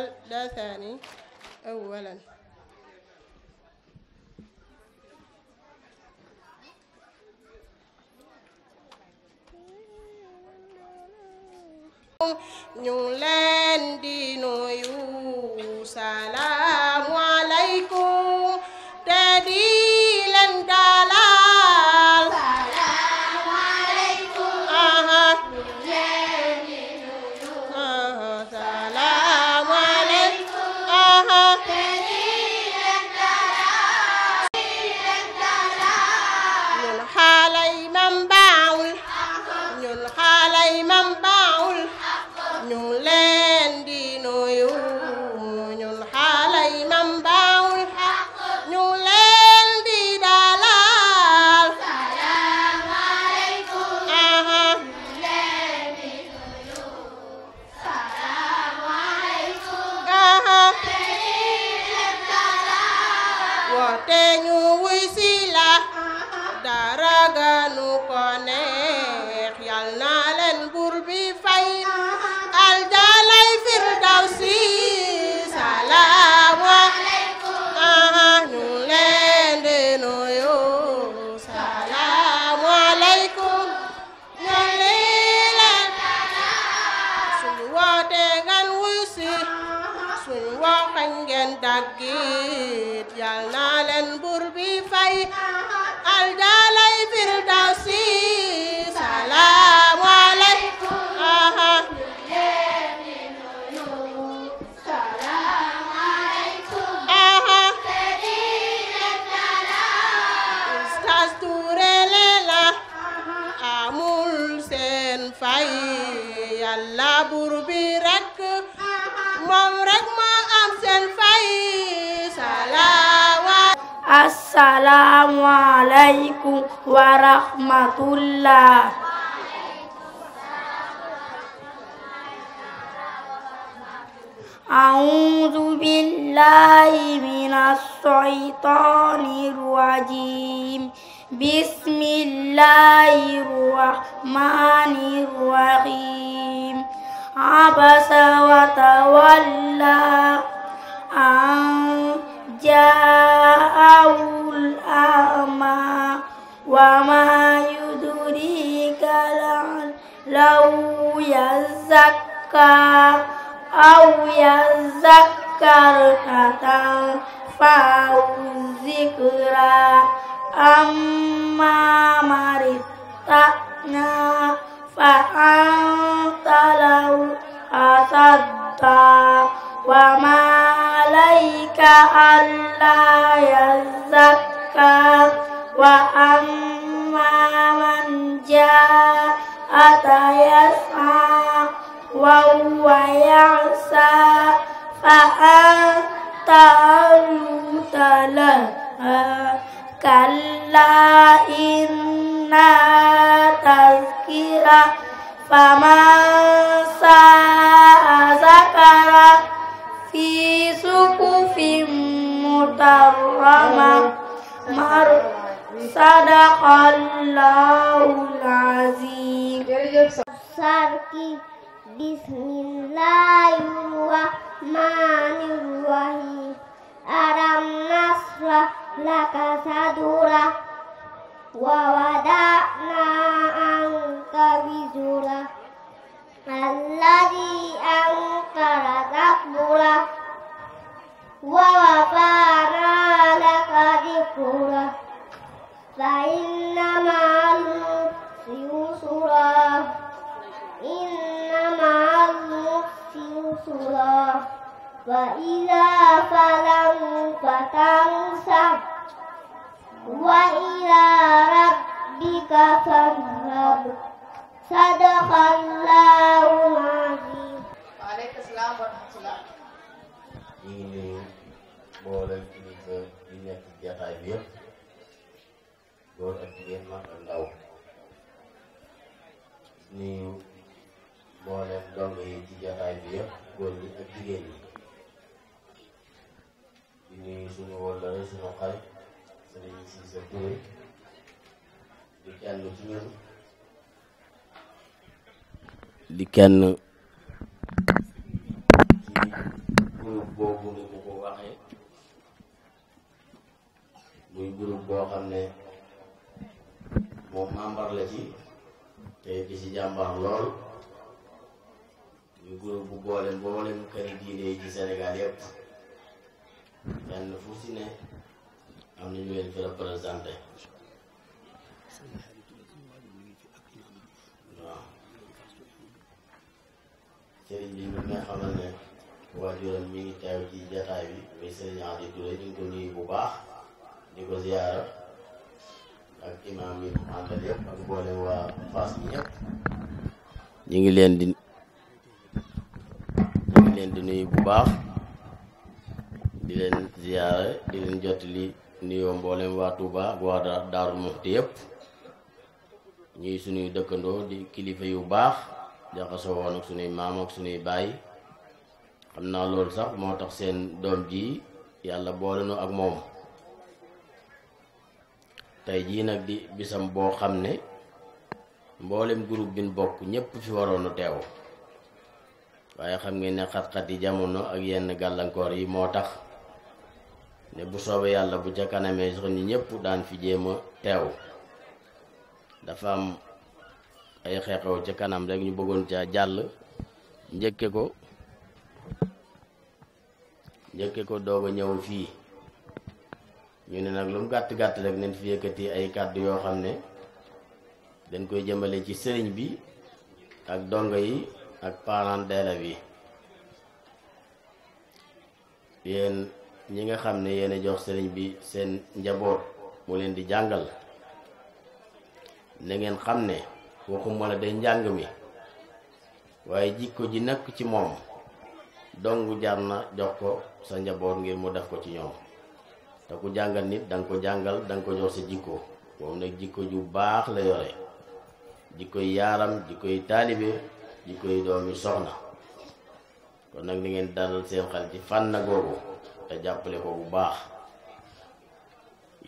الحدثان أولا ñu leen di nuyu salaam leen daggit yal asalaamualeykum wa rahmatullah. أعوذ بالله من الشيطان الرجيم بسم الله الرحمن الرحيم عبس وتولى أن جاءه الأعمى وما يدريك لعله يزكى أو يذكر فتنفعه الذكرى أما من استغنى فأنت له أصدى وما عليك ألا يزكى وأما من جاءك يسعى وهو يعصى فأنت أنت له كلا إنها تذكرة فمن ساء ذكره في صحف مكرمة صدق الله العظيم سركي بسم الله الرحمن الرحيم ألم نشرح لك صدرك ووضعنا عنك وزرك الذي أنقر ظهرك ووضعنا لك ذكرك فإن مع العسر يسرا إن مع العسر يسرا وإذا فلمت فتنسى وإلى ربك فارغب sadaqallaahu al-aziim. waaleykum salaam wa rahmatulah. ñu ngi nuyu mboolem kilifa nekk jataay bi yëpp góor ak jigéen mag ak ndaw nuyu mboolem dong yi ci jataay bi yëpp góor ñi ak jigéen ñi di nuyu suñu wóllare suñu xarit sëriñ si sa Touré di kenn ci groupe boobu ni mu waxee muy groupe boo xam ne moom membre la ci te di ci jàmbaar lool ñu groupe bu boole mboolem kër diine yi ci Sénégal yépp kenn fu si ne am na ñu leen fi représenté sëriñ bi ñu ngi xamal ne waajuram mi ngi teew ci jataay bi muy sëriñ Aliou Touré ñu ngi ko nuyu bu baax di ko ziyaara ak imaam yi mu àndal ak mboolem waa Fass yi ñu ngi leen di ñu ngi leen di nuyu bu baax di leen ziyaara di leen jot li nuyoo mboolem waa Touba ak waa Daaru Muxti yëpp ñuy suñuy dëkkandoo di kilifa yu baax jaxasoo woon ak suñuy maam ak suñuy baay xam naa loolu sax moo tax seen doom ji yàlla boole noo ak moom tey jii nag di bisam boo xam ne mboolem groupe bi bokk ñépp fi waroonu teew waaye xam ngeen ne xat-xat yi jamono ak yenn gàllankoor yi moo tax ne bu soobee yàlla bu ca kanamee sax ñépp daan fi jéem a teew dafa am ay xew-xew ca kanam rek ñu bëggoon caa jàll njëkke ko njëkke ko doog a fii ñu ne nag lu gàtt gàtt rek nañ fi yëkkati ay kàddu yoo xam ne dañ koy jëmale ci sëriñ bi ak dongo yi ak parents d'élèves yi yéen ñi nga xam ne yéen a jox sëriñ bi seen njaboot mu leen di jàngal na ngeen xam ne waxuma la day njàng mi waaye jikko ji nekk ci moom dong jar na jox ko sa njaboot ngir mu def ko ci ñoom te ku jàngal nit danga ko jàngal danga ko jox sa jikko moom nag jikko ju baax la yore jikkoy yaaram jikkoy taalibe jikkoy doomi soxna kon nag ni ngeen dalal seen xel ci fànn googu te jàppale ko bu baax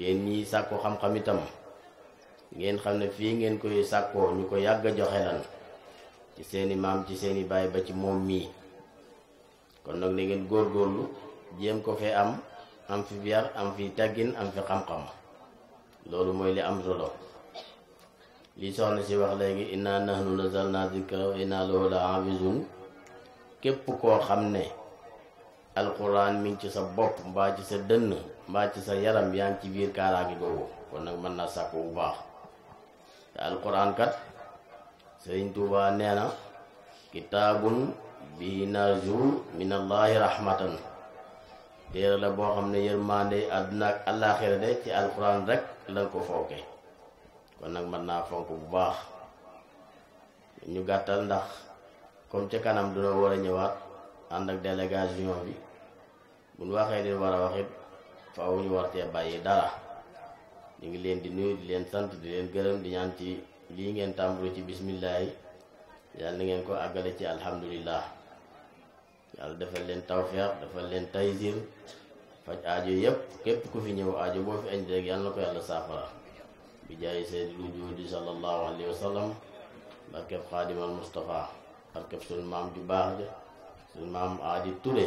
yéen ñi sàkku xam-xam itam ngeen xam ne fii ngeen koy sàkkoo ñu ko yàgg a joxe lan ci seeni maam ci seeni baay ba ci moom mii kon nag na ngeen góor góorlu jéem ko fee am am fi biyar am fi taggin am fi xam-xam loolu mooy li am solo li soxna si wax léegi inna nahnu nazalna zikra wa inna lahu la képp koo xam ne alquran mi ngi ci sa bopp mbaa ci sa dënn mbaa ci sa yaram yaa ngi ci biir kaaraange googu kon nag mën naa sàkk bu baax te alquran kat Sëriñ Tuuba na kitaabun bi narju min allahi rahmatan téere la boo xam ne yërmande àdduna ak àllaaxira de ci alquran rek lañ ko fooke kon nag mën naa fonk bu baax ñu gàttal ndax comme ca kanam dina war a ñëwaat ànd ak délégation bi buñ waxee li war a wax it war cee bàyyi dara ñu ngi leen di nuyu leen sant di leen gërëm di ñaan ci lii ngeen tàmbali ci bismillaahi yàlla na ngeen ko àggale ci alhamdulillah yàlla defal leen tawfeex defal leen taysir faj aajo yépp képp ku fi ñëw aajo boo fi indi rek yàlla na ko yàlla saafara bi seen seydil wujuudi sallallahu alayhi wa sallam barkeb xaadimal mustafa barkeb suñu maam ju ja suñu maam aadi ture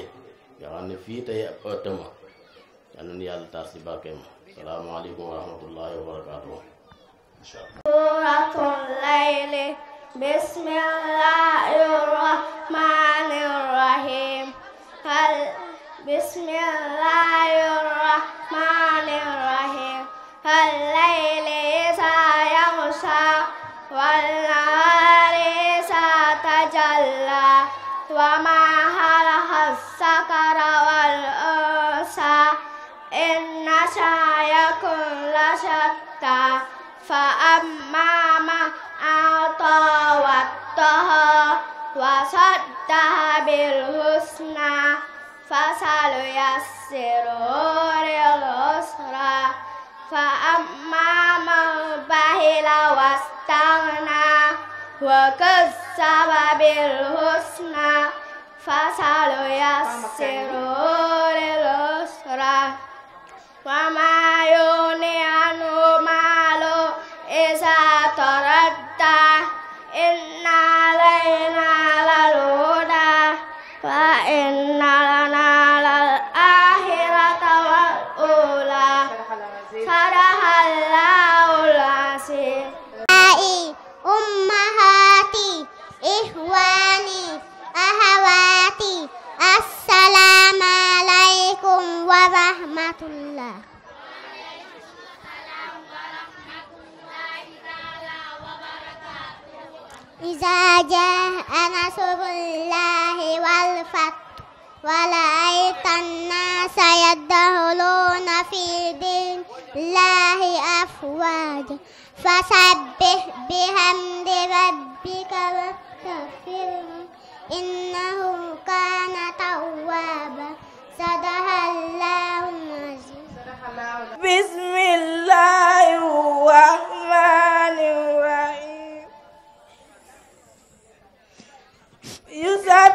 nga ne fii tey ab ëttama yàlla na yàlla taas ci salaamaaleykum wa rahmatullahi wa barakaatu incha allah suuratul layli bismillahi rahmani rahim hal bismillahi rahmani rahim hal layli isa yamsa wal nahari isa tajalla wa ma وشتى فأما من أعطى واتقى وصدق بالحسنى فسنيسره للعسرى فأما من بخل واستغنى وكذب بالحسنى فسنيسره للعسرى وما يغني إذا جاء نصر الله والفتح ورأيت الناس يدخلون في دين الله أفواجا فسبح بحمد ربك واستغفره إنه كان توابا صدق الله العظيم بسم الله الرحمن الرحيم يسبح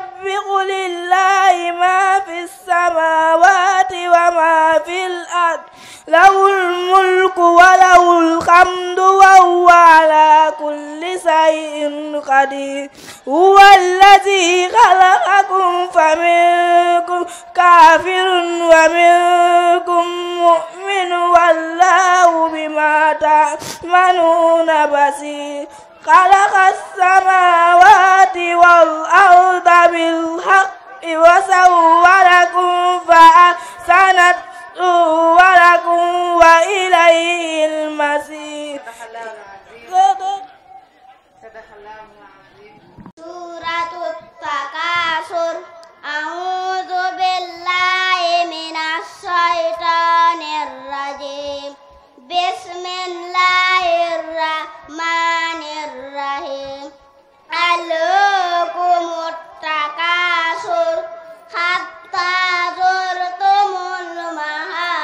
لله ما في السماوات وما في الأرض له الملك وله الحمد وهو على كل شيء قدير هو الذي خلقكم فمنكم كافر ومنكم مؤمن والله بما تعملون بصير خلق السماوات والأرض بالحق وسوركم فأحسن صوركم وإليه المسير سورة التكاثر أعوذ بالله من الشيطان الرجيم بسم الله الرحمن الرحيم ألهكم التكاثر حتى زرتم المهاد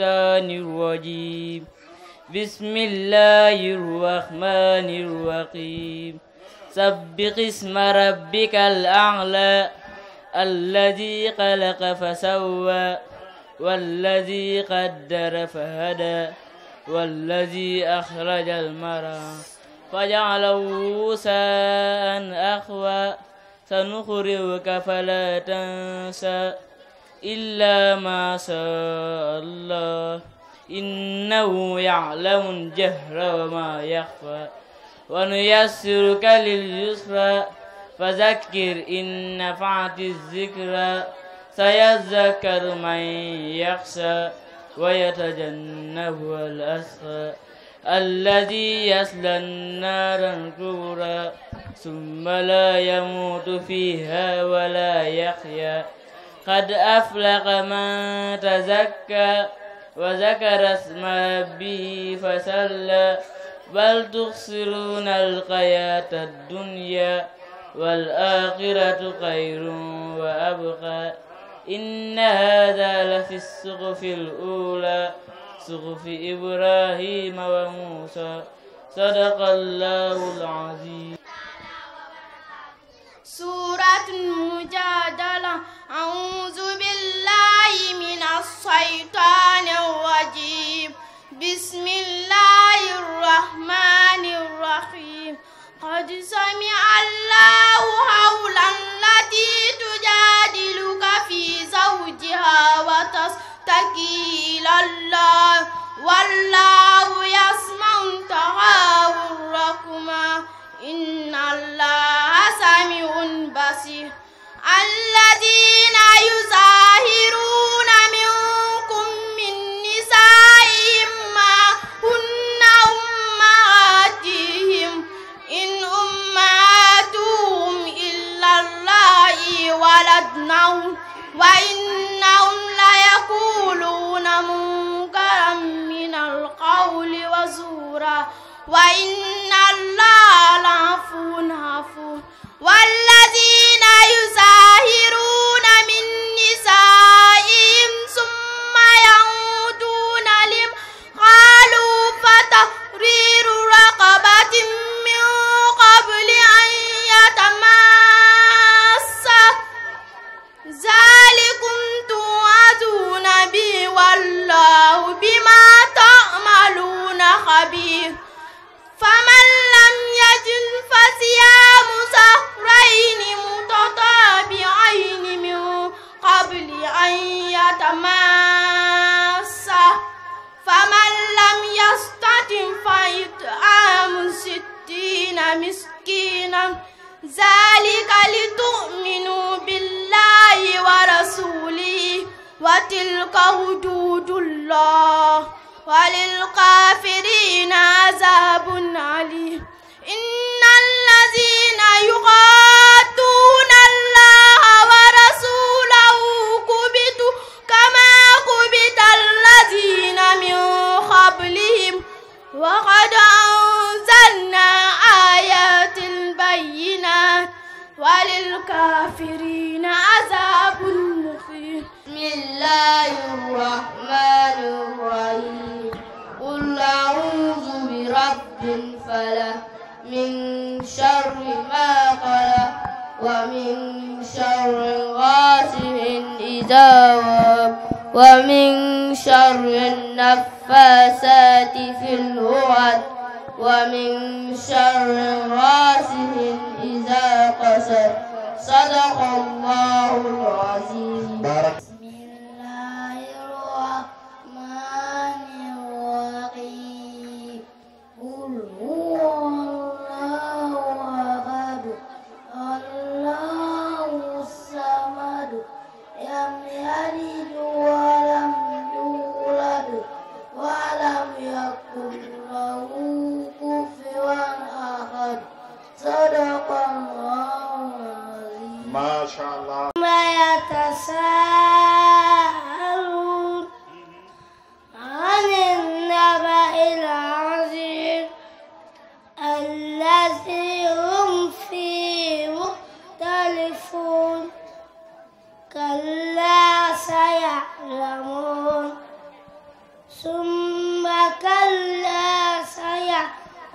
الشيطان الرجيم بسم الله الرحمن الرحيم سبح اسم ربك الأعلى الذي خلق فسوى والذي قدر فهدى والذي أخرج المرى فجعله ساء أخوى سنخرجك فلا تنسى إلا ما شاء الله إنه يعلم الجهر وما يخفى ونيسرك لليسرى فذكر إن نفعت الذكرى سيذكر من يخشى ويتجنبها الأسرى الذي يصلى النار الكبرى ثم لا يموت فيها ولا يحيا قد أفلح من تزكى وذكر اسم ربه فصلى بل تخسرون الحياة الدنيا والآخرة خير وأبقى إن هذا لفي الصحف الأولى صحف إبراهيم وموسى صدق الله العظيم سورة المجادلة أعوذ بالله من الشيطان الرجيم بسم الله الرحمن الرحيم قد سمع الله قولا التي تجادلك في زوجها وتشتكي إلى الله والله يسمع تحاوركما إن الله سميع بصير الذين يظاهرون منكم من نسائهم ما هن أمهاتهم إن أمهاتهم إلا الله ولدنهم وإنهم ليقولون منكرا من القول وزورا وإن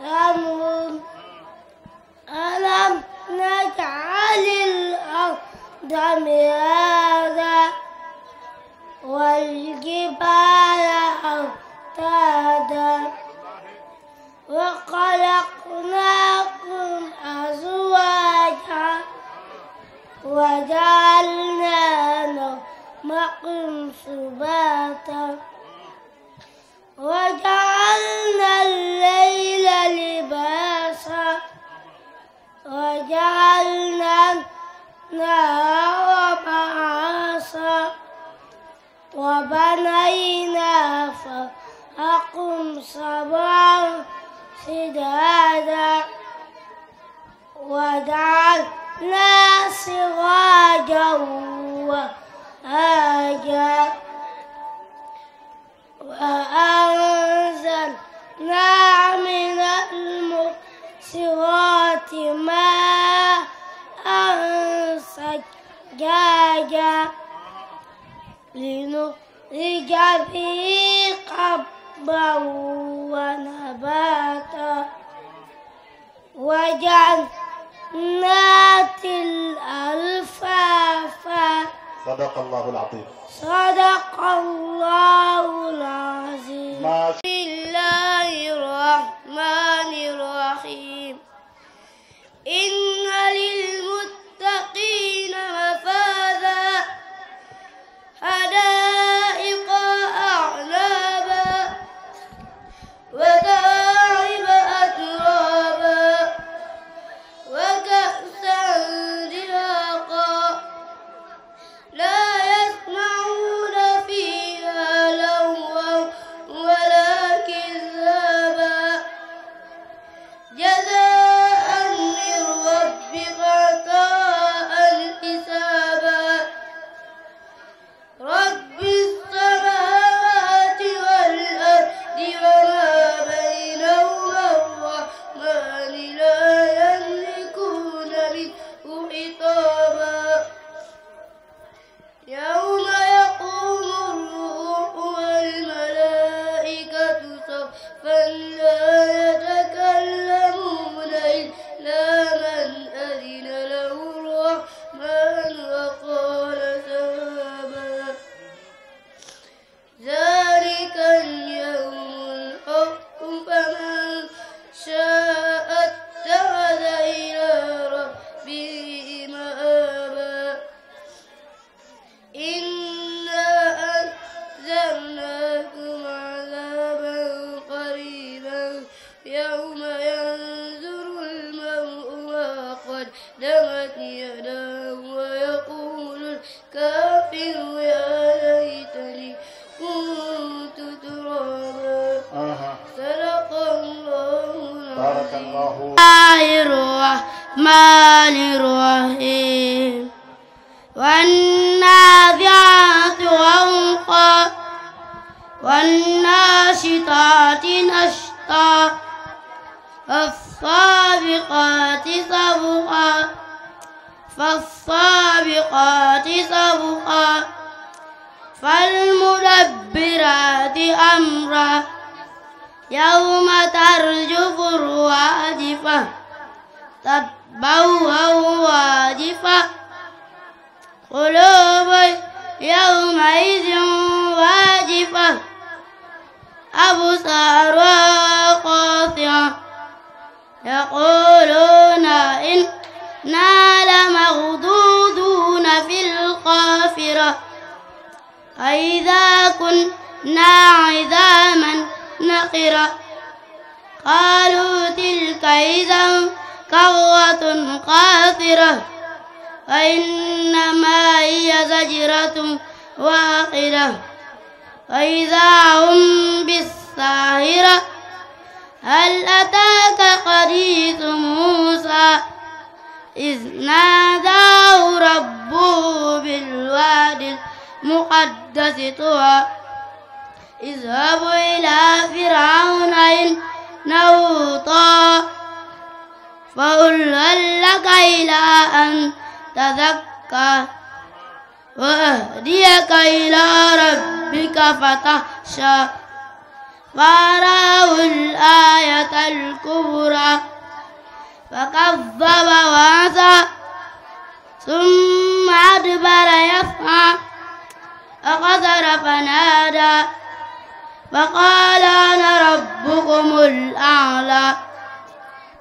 أمر ألم نجعل الأرض مهادا والجبال أوتادا وخلقناكم أزواجا وجعلنا نومكم سباتا وجعلنا الليل لباسا وجعلنا النهار معاشا وبنينا فأقم سبعا شدادا وجعلنا سراجا وهاجا وأنزلنا من المحصرات ماء سجاجا لنخرج به قبا ونباتا وجعلنا نات الألفافا صدق الله العظيم صدق الله العظيم بسم الله الرحمن الرحيم إن للمتقين مفازا هدايا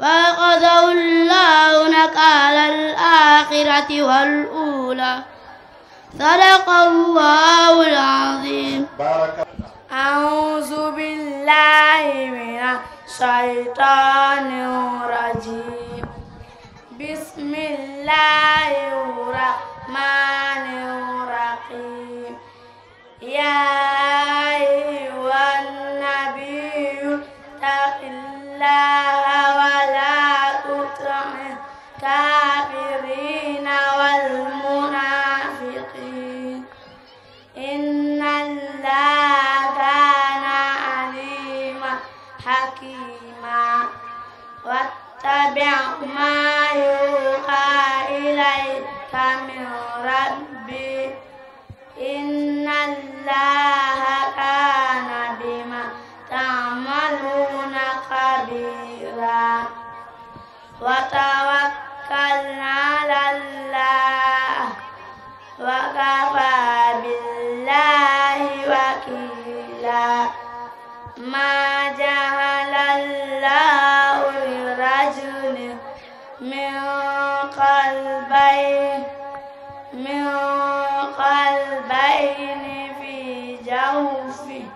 وأخذه الله نكال الآخرة والأولى صدق الله العظيم بارك أعوذ بالله من الشيطان الرجيم بسم الله الرحمن الرحيم يا أيها النبي اتق الله الله ولا تطع الكافرين والمنافقين إن الله كان عليما حكيما واتبع ما يوحى إليك من ربي إن الله كان بما تعملون خبيرا وتوكل على الله وكفى بالله وكيلا ما جعل الله لرجل من قلبين من قلبين في جوفه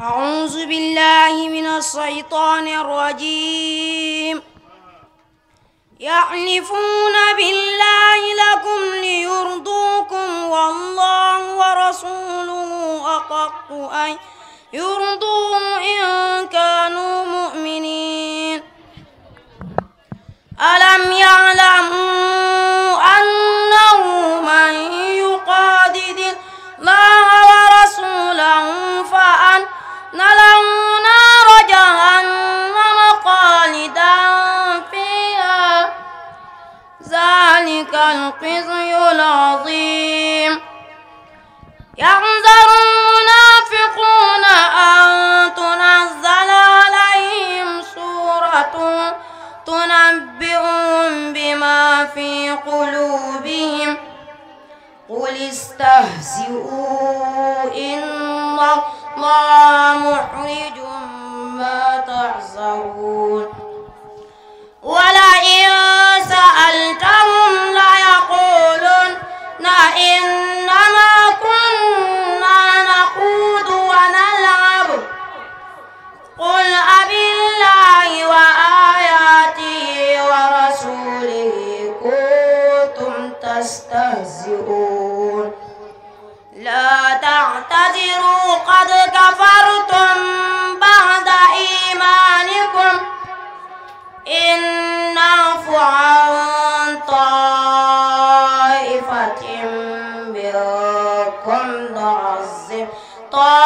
أعوذ بالله من الشيطان الرجيم يحلفون بالله لكم ليرضوكم والله ورسوله أحق أن يرضوه إن كانوا مؤمنين ألم يعلموا أن ذلك الخزي العظيم يحذر المنافقون أن تنزل عليهم سورة تنبئهم بما في قلوبهم قل استهزئوا إن الله محرج ما تحذرون ولئن سألتهم تعتذروا قد كفرتم بعد إيمانكم إن نعفو عن طائفة منكم نعذب طائفة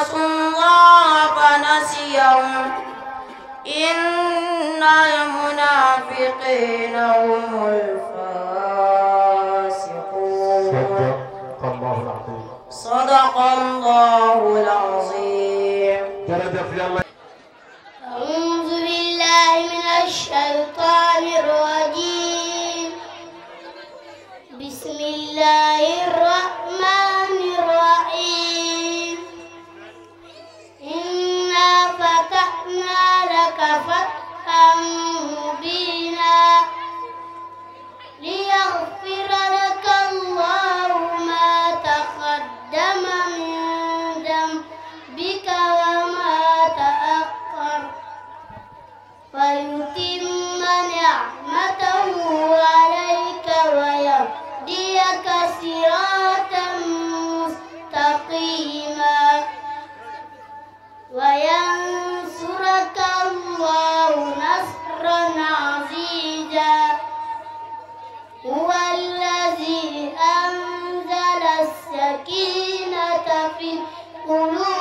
نسوا الله فنسيهم إن المنافقين هم الفاسقون صدق الله العظيم صدق الله العظيم أعوذ بالله من الشيطان الرجيم بسم الله الرحمن الرحيم إنا فتحنا لك فتحا مبينا ليغفر لك الله ما تقدم من ذنبك وما تأخر ويتم نعمته عليك ويهديك صراطا مستقيما وينصرك الله نصرا عزيزا هو الذي أنزل السكينة في قلوب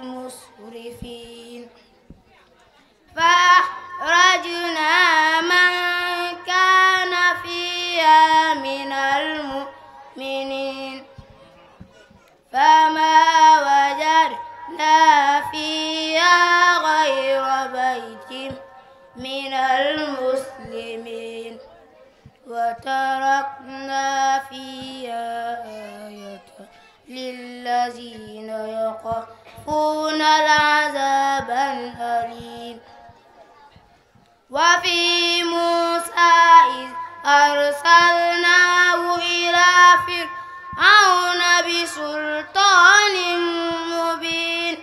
المسرفين فأخرجنا من كان فيها من المؤمنين فما وجدنا فيها غير بيت من المسلمين وتركنا فيها آية للذين يقرؤون يذوقون العذاب الأليم وفي موسى إذ أرسلناه إلى فرعون بسلطان مبين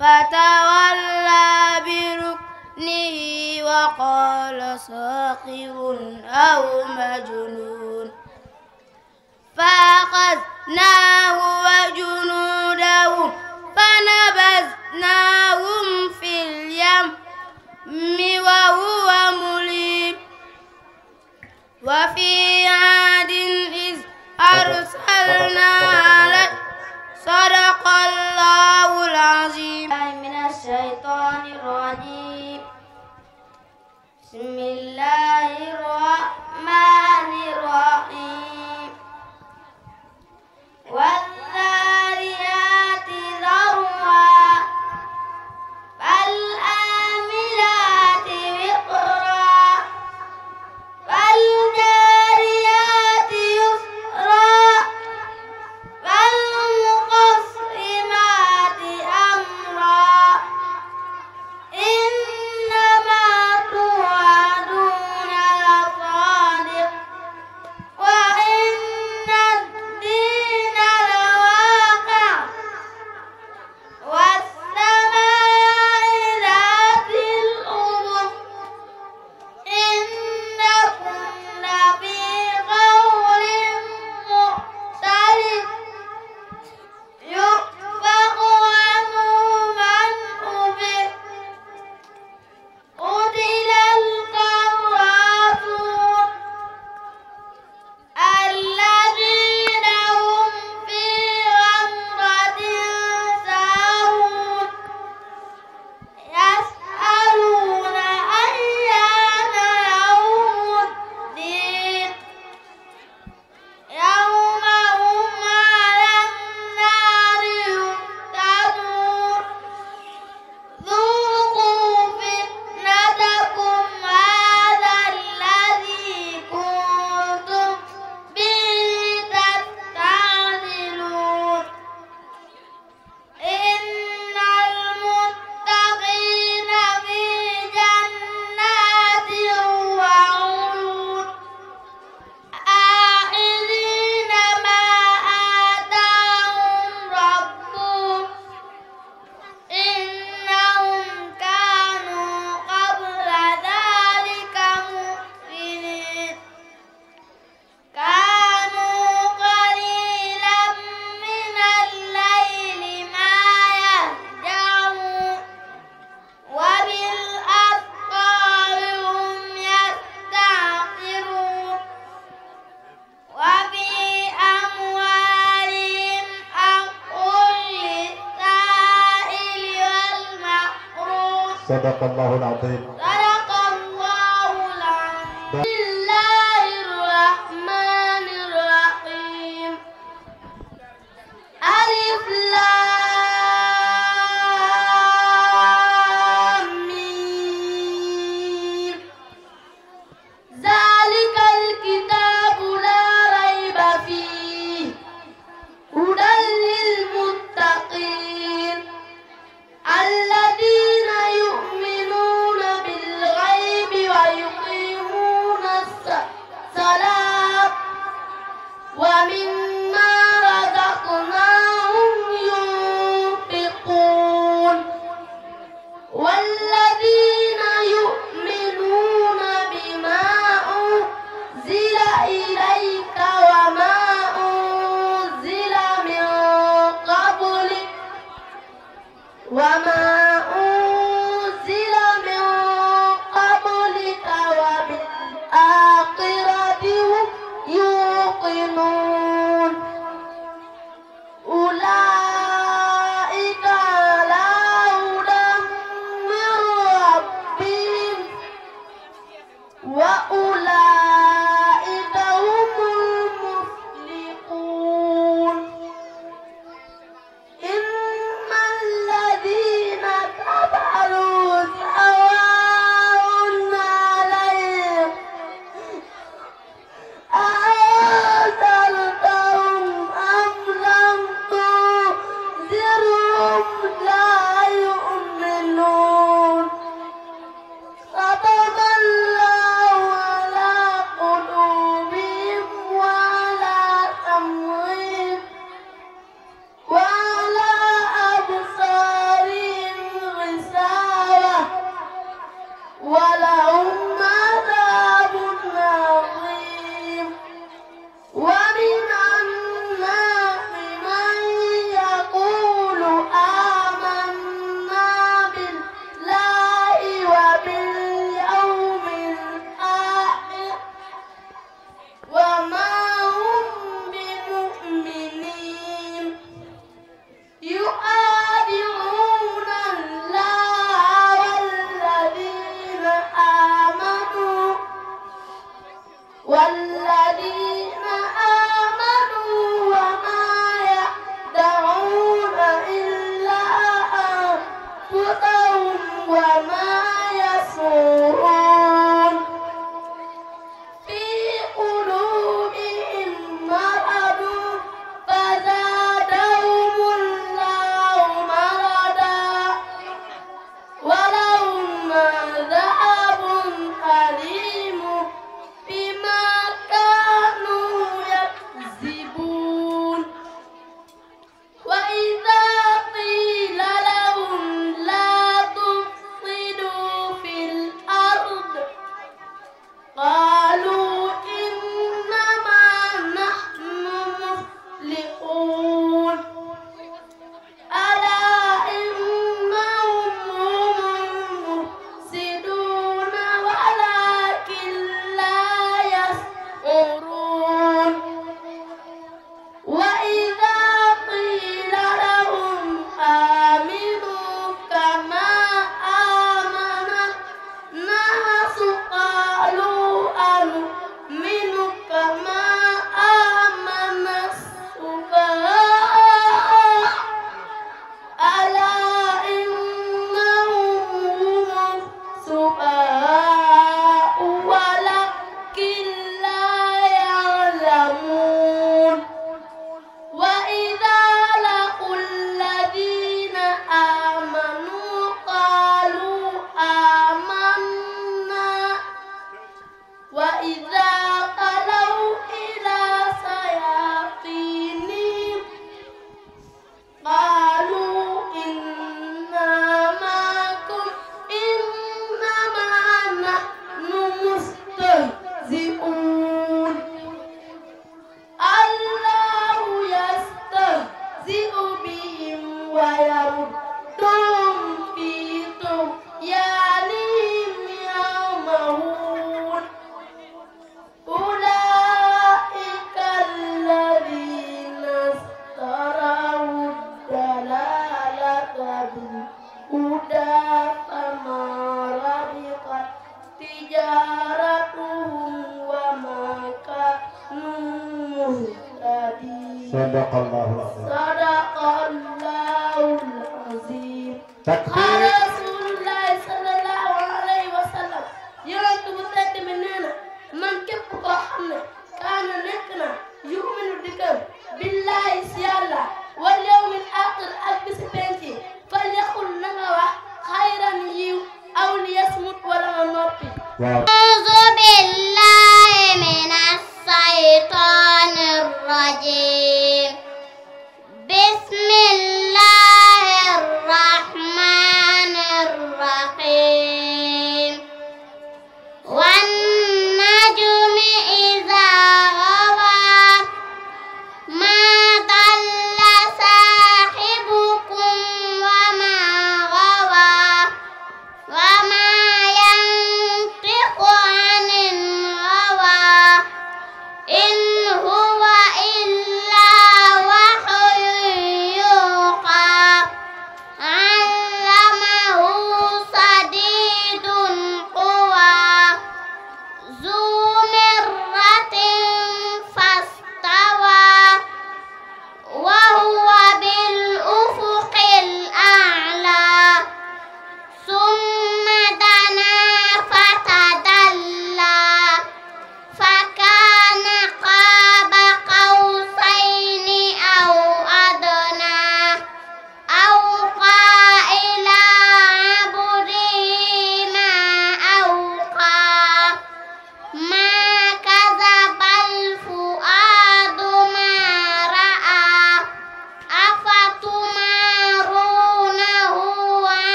فتولى بركنه وقال ساحر أو مجنون فأخذناه وجنوده فنبذناهم في اليم وهو مليم وفي عاد إذ أرسلنا عليه صدق الله العظيم من الشيطان الرجيم بسم الله الرحمن الرحيم والذاريات إذا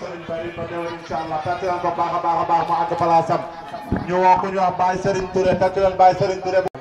woo Serigne Bari ba déwén incha allah fekk leen ko baax a baax a baax mu àgg palaasam ñu woo ku ñu wax Baye Serigne Touré fekk leen Baye Serigne Touré.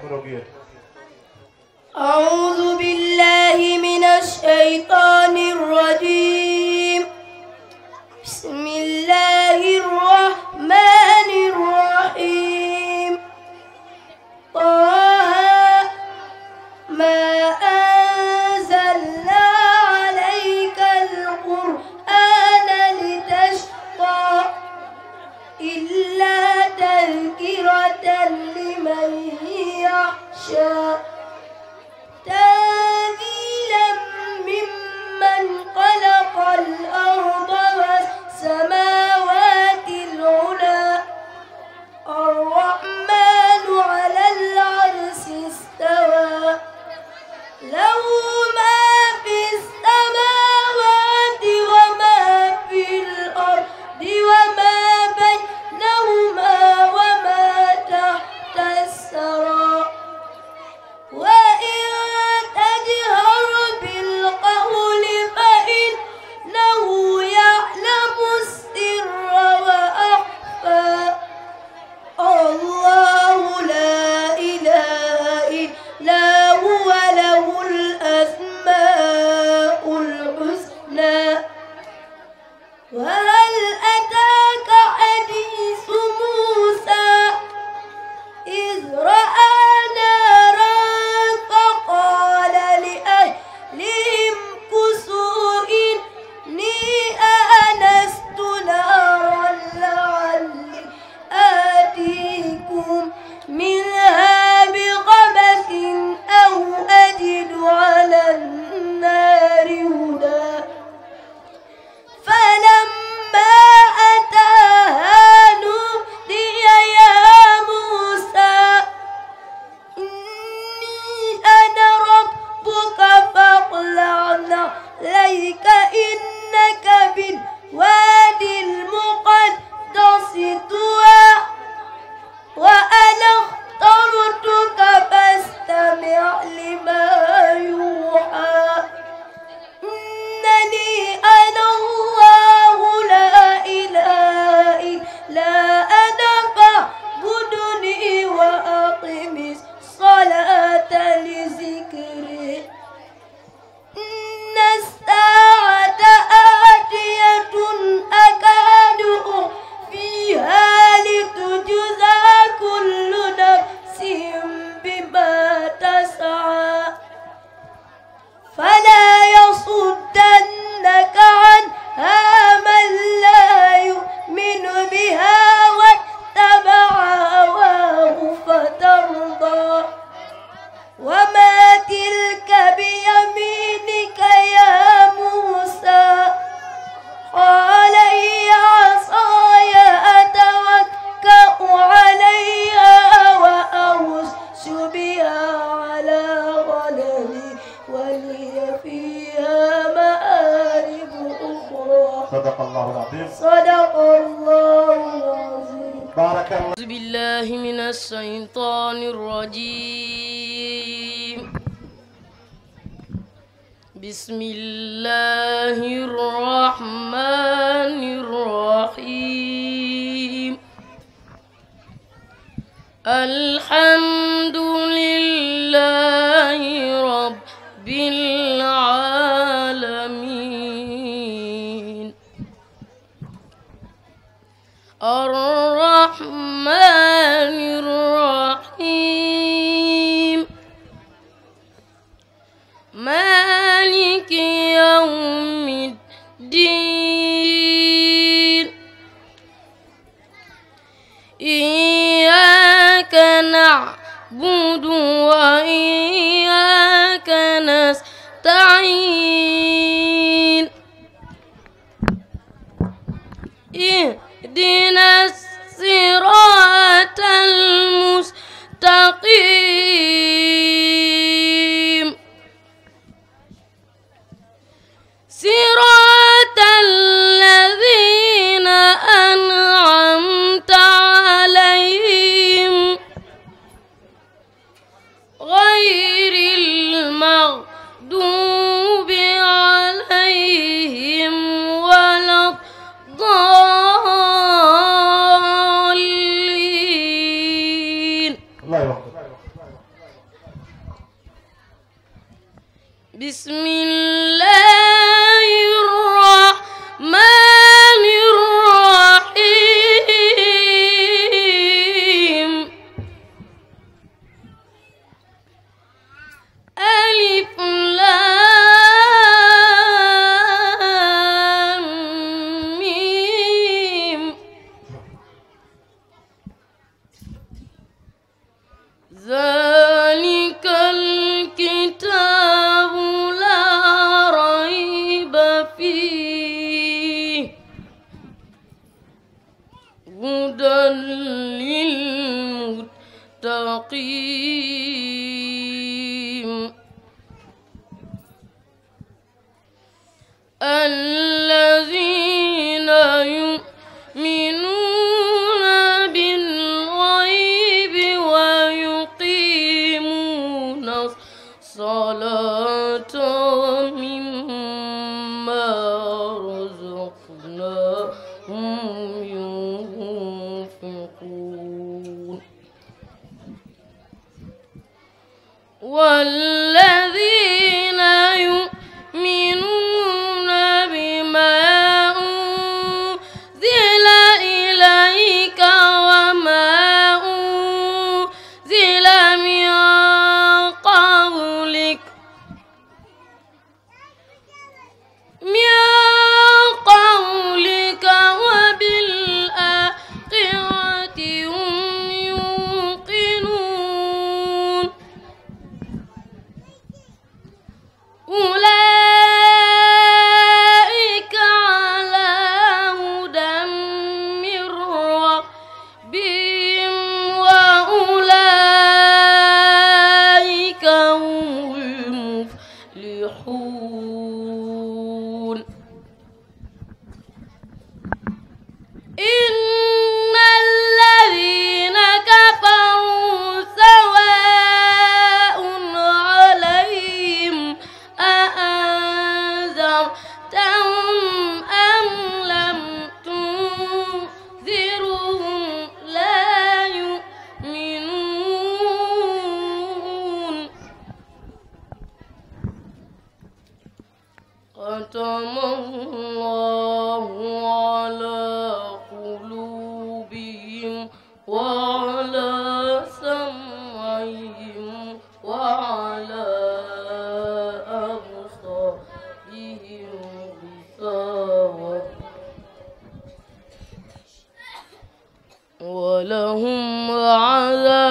وعلى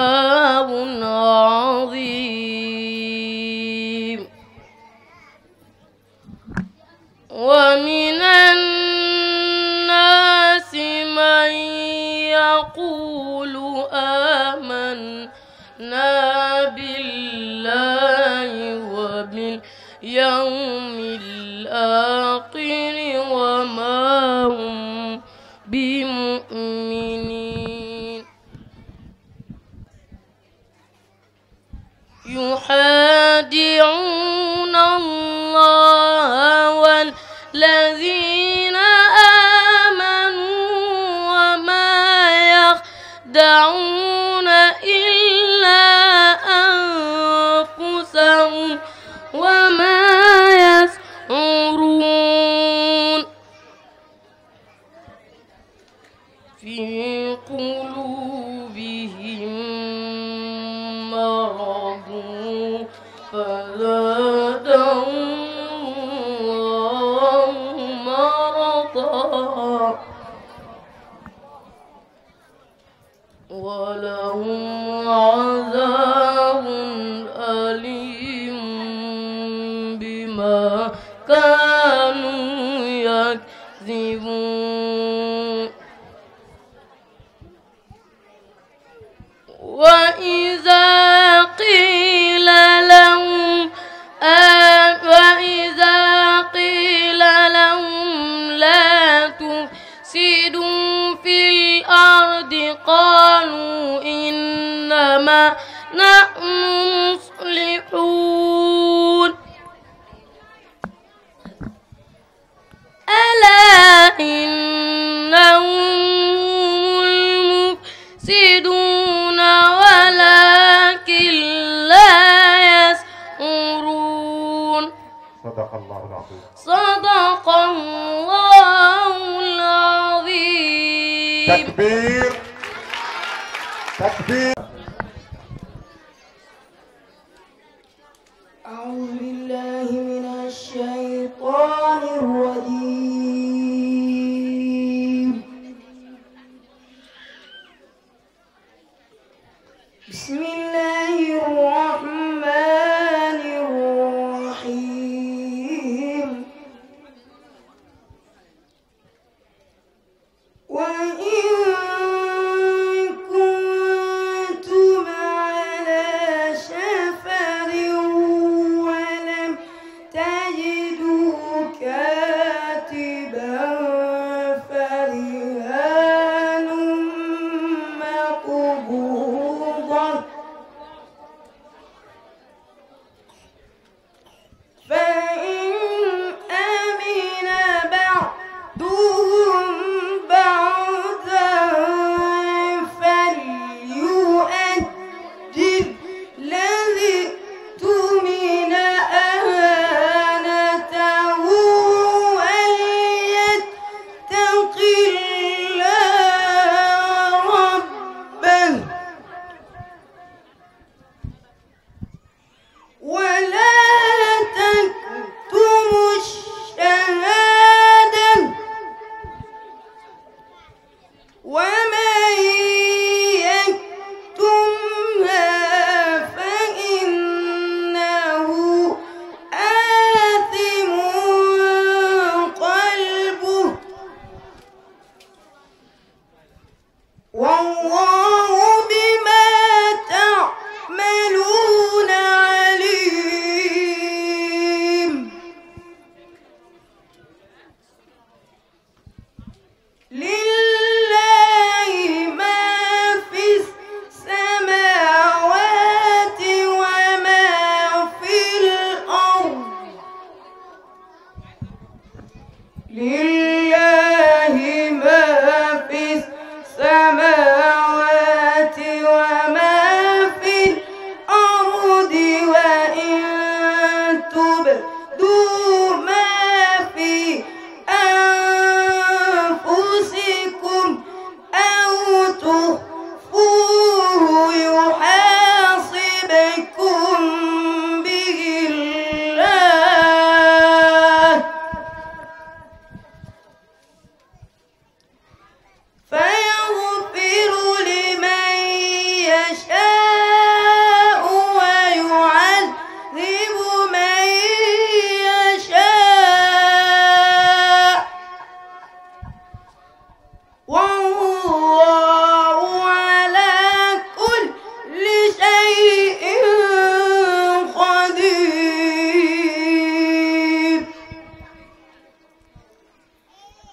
قالوا إنما نحن مصلحون ألا إنهم المفسدون ولكن لا يسعرون صدق الله العظيم صدق الله العظيم تكبير takbir أعوذ بالله من الشيطان الرجيم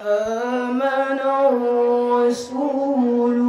آمن الرسول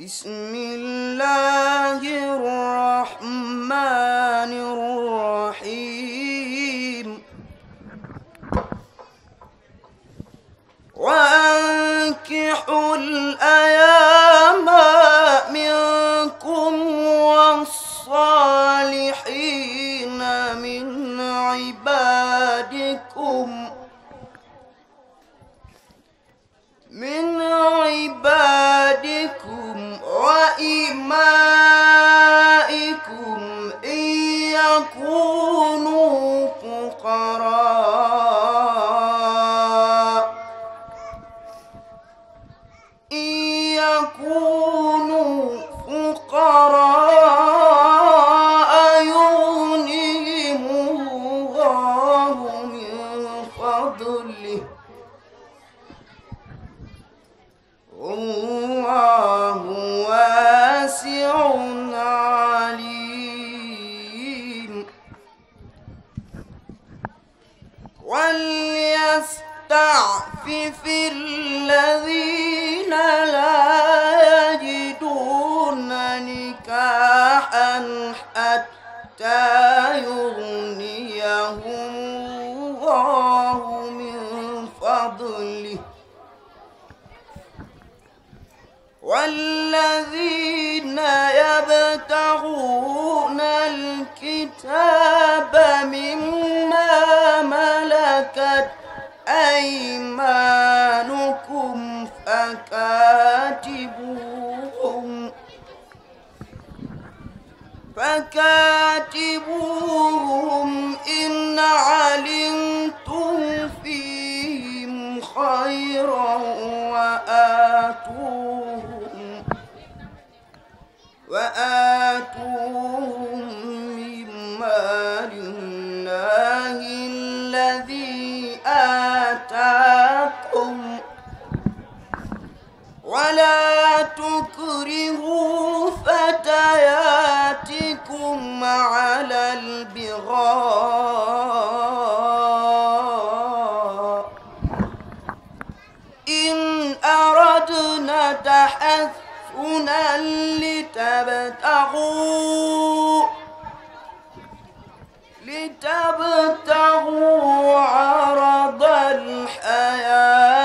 بسم الله الرحمن الرحيم وأنكحوا الأيام تبتغون الكتاب مما ملكت أيمانكم فكاتبوهم فكاتبوهم إن علمتم فيهم خيرا وآتوا وآتوهم مما لله الذي آتاكم ولا تكرهوا فتياتكم على البغاء إن أردنا تحسن سبلا لتبتغوا لتبتغوا عرض الحياة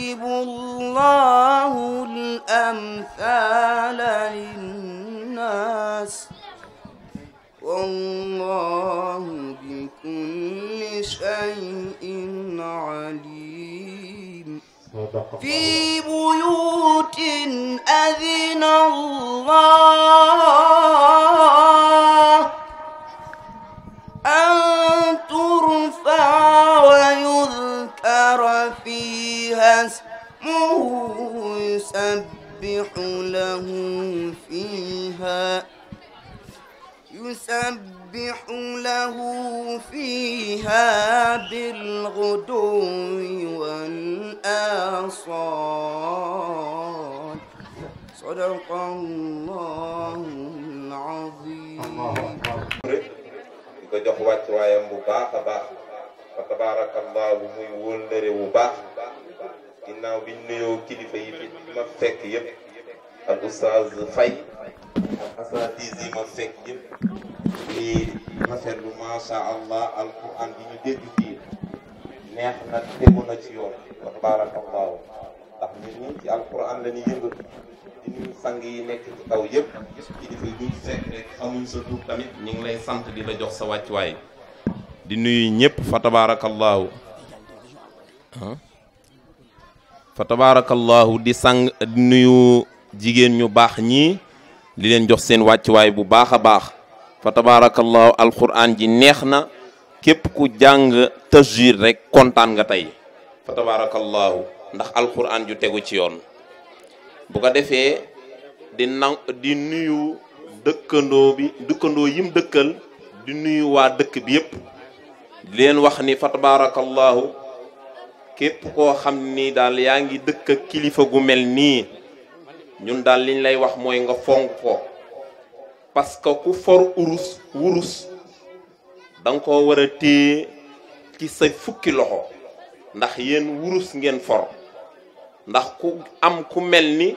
يضرب الله الأمثال للناس والله بكل شيء عليم في بيوت أذن الله يسبح له فيها يسبح له فيها بالغدو والآصال صدق الله العظيم ko jox wàccuwaayam bu baax a baax fa tabaarakallahu muy wóllëre bu baax ginnaaw biñ nuyoo kilifa yi bi ma fekk yëpp ak oustaz Faye ak asatise yi ma fekk di ñu dégg fii neex na tegu ci yoon wa tabarakallahu ndax ñun ñun ci alquran la ñuy yëngatu di nuyu sang yi nekk ci kaw yëpp kilifa yi buñ fekk rek xamuñ sa tur tamit ñu ngi lay sant di la jox sa wàccuwaay di nuyu ñëpp fa tabarakallahu fa tabaarakallaahu di sang nuyu jigéen ñu baax ñii li leen jox seen wàccuwaay bu baax a baax fa tabaarakallaahu alquran ji neex na képp ku jàng tajwid rekk kontaan nga tey fa tabaarakallaahu ndax alquran ju tegu ci yoon bu ko defee di na di nuyu dëkkandoo yim dëkkal di nuyu waa dëkk bi yépp di leen wax ni fa tabaarakallaahu képp koo xam ni daal yaa ngi dëkk ak kilifa gu mel nii ñun daal liñ lay wax mooy nga fonk ko parce que ku for urus wurus danga nga koo war a téye ci sa fukki loxo ndax yéen wurus ngeen for ndax ku am ku mel ni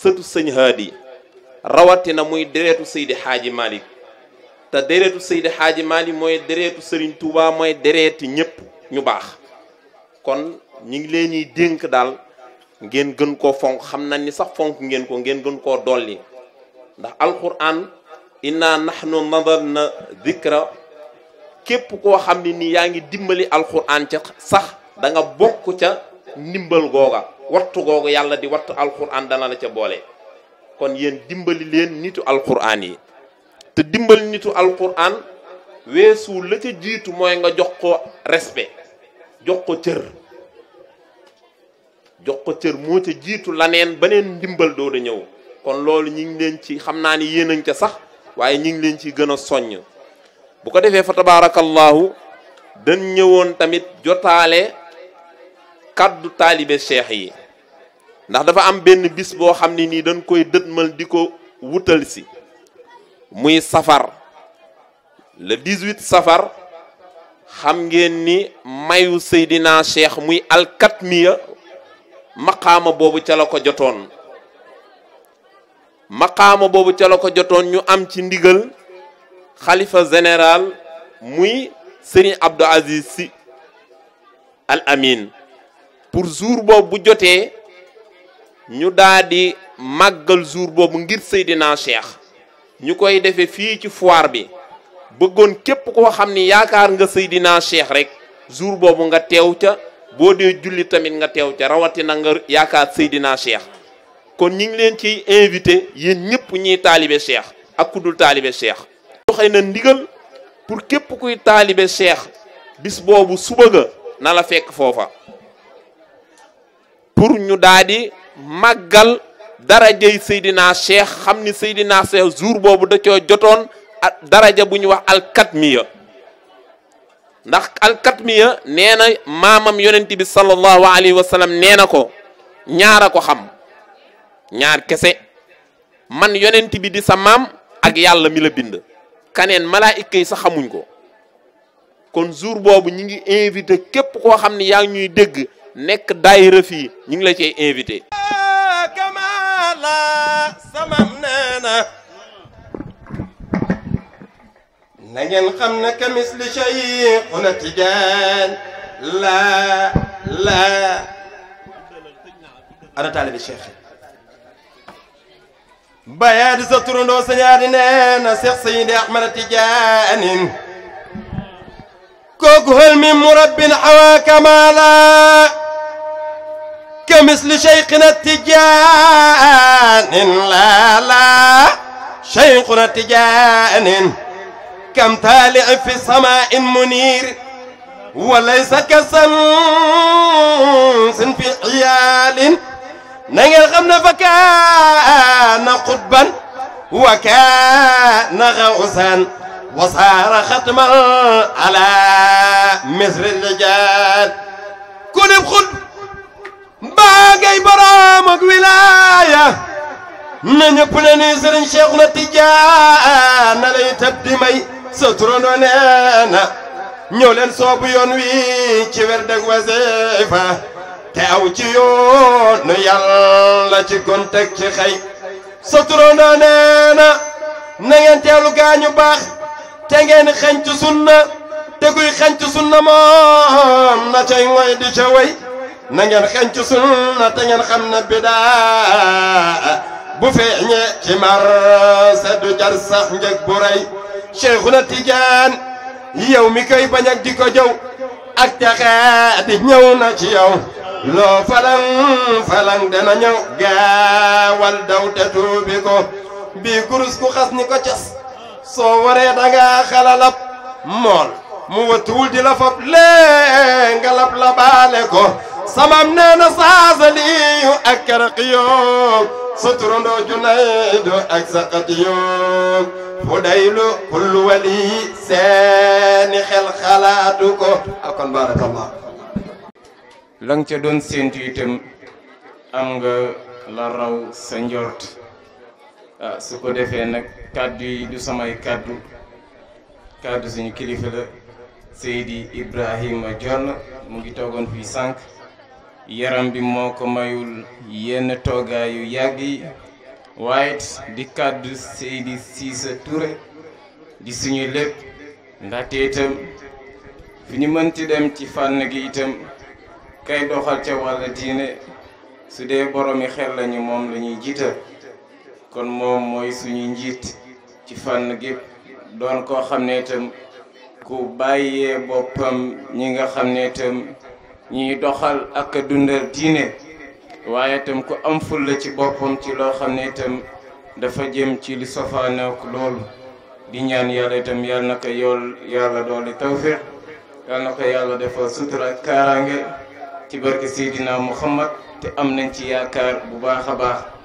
sëtu sëñ haadi rawatina muy deretu Seydi Xaaji Malik te deretu Seydi Xaaji Malik mooy deretu Sëriñ Tuuba mooy dereeti ñépp ñu baax kon ñi ngi leen ñuy dénk daal ngeen gën koo fonk xam nañ ni sax fonk ngeen ko ngeen gën koo dolli ndax alquran inna nahnu na dikra képp koo xam ne nii yaa ngi dimbali alquran ca sax danga bokk ca ndimbal googa wattu googa yàlla di wattu alquran dana la ca boole kon yéen dimbali leen nitu alquran yi te dimbali nitu alquran weesu la ca jiitu mooy nga jox ko respe jox ko cër jox ko cër moo ca jiitu laneen beneen ndimbal doo da ñëw kon loolu ñu ngi leen ci xam naa ni yéen añ ca sax waaye ñu ngi leen ci gën a soññ bu ko defee fa tabaarakallaahu dañ ñëwoon tamit jotaale kàddu taalibe cheikh yi ndax dafa am benn bis boo xam ne nii dañ koy dëtmal di ko wutal si muy safar le 18 safar xam ngeen ni mayu Seydina Cheikh muy alkatmiya maqaama boobu ca la ko jotoon maqaama boobu ca la ko jotoon ñu am ci ndigal xalifa général muy Serigne Abdou Aziz Sy Al Amin pour jour boobu bu jotee ñu daldi màggal jour boobu ngir seydinaa Cheikh ñu koy defe fii ci foire bi bëggoon képp koo xam ni yaakaar nga Seydina Cheikh rek jour boobu nga teew ca boo dee julli tamit nga teew ca rawatina nga yaakaar Seydina Cheikh kon ñi ngi leen ciy invité yéen ñëpp ñiy taalibe Cheikh ak ku dul taalibe Cheikh. joxe na ndigal pour képp kuy taalibe Cheikh bis boobu suba ga na la fekk foofa pour ñu daal di màggal darajey Seydina Cheikh xam ni Seydina Cheikh jour boobu da coo jotoon. daraja bu ñu wax alkatmiya ndax alkatmiya nee na maamam yonent bi sallallahu alayhi wa sallam nee na ko ñaara a ko xam ñaar kese man yonent bi di sa maam ak yàlla mi la bind kaneen malaayika yi sax xamuñ ko kon jour boobu ñi ngi invité képp koo xam ne yaa ngi ñuy dégg nekk daayira fii ñi ngi la cay invité na ngeen xam ne kamis li Cheikhuna Tijaan laa laa ana taalibi Cheikh bayaa di sa turandoo sañaar di nee na Cheikh Seydi Ahmad Tijaanin kooku hël min murabbin xawaa kamaala kamis li Cheikhuna Tijaanin laa laa Cheikhuna Tijaanin كم طالع في سماء منير وليس كسمس في عيال نجل غمنا فكان قطبا وكان غوثا وصار ختما على مصر الرجال كن بخد باقي برامج ولايه na ñëpp na ni sëriñ Cheikh na Tijaan na lay tëb di may sa turandoo nee na ñëw leen soobu yoon wi ci wer ak wasifa te aw ci yoonu yàlla ci kontak ci xëy sa turandoo nee na na teelu gaañu baax te ngeen xañ ci te kuy xañ ci sunna moom na cay mooy di ca way na ngeen xañ ci sunna te ngeen xam na bidaa bu feeñee ci mar sa du jar sax njëg bu Cheikhuna Tidiane yow mi koy bañ ak di ko jëw ak texe di ñëw na ci yow loo falang falang dana ñëw gaawal daw te tuubi ko bii kurus ku xas ni ko cas soo waree danga xalalab mool mu wëttuwul di la fab lee nga lab la baale ko samam nee na saasaliyu ak karaqiyoom sa turandoo Junaydu ak sa xatiyoo Fudaylu kul wali seeni xel xalaatu ko akon barakallah la nga ca doon séentu itam am nga la raw sa njort ah, su ko defee nag kàddu yi du samay kàddu kàddu suñu kilifa la Seydi Ibrahima Jonn mu ngi toogoon fii sànq yaram bi moo ko mayul yenn toogaay yu yàgg yi di kàddu Seydi Cissé Touré di suñu lépp ndaxte itam fi ñu mënti dem ci fànn gi itam kay doxal ca wàll diine su dee boroomi xel lañu moom lañuy jiital kon moom mooy suñu njiit ci fànn gépp doon koo xam ne itam ku bàyyee boppam ñi nga xam ne itam ñiy doxal ak a dundal diine waaye itam ku am fulla ci boppam ci loo xam ne itam dafa jëm ci li sofaanoo ak loolu di ñaan yàlla itam yàlla na ko yool yàlla doole tawfiq yàlla na ko yàlla dafa sutura ak kaaraange ci barke Seydina Muhammad te am nañ ci yaakaar bu baax a baax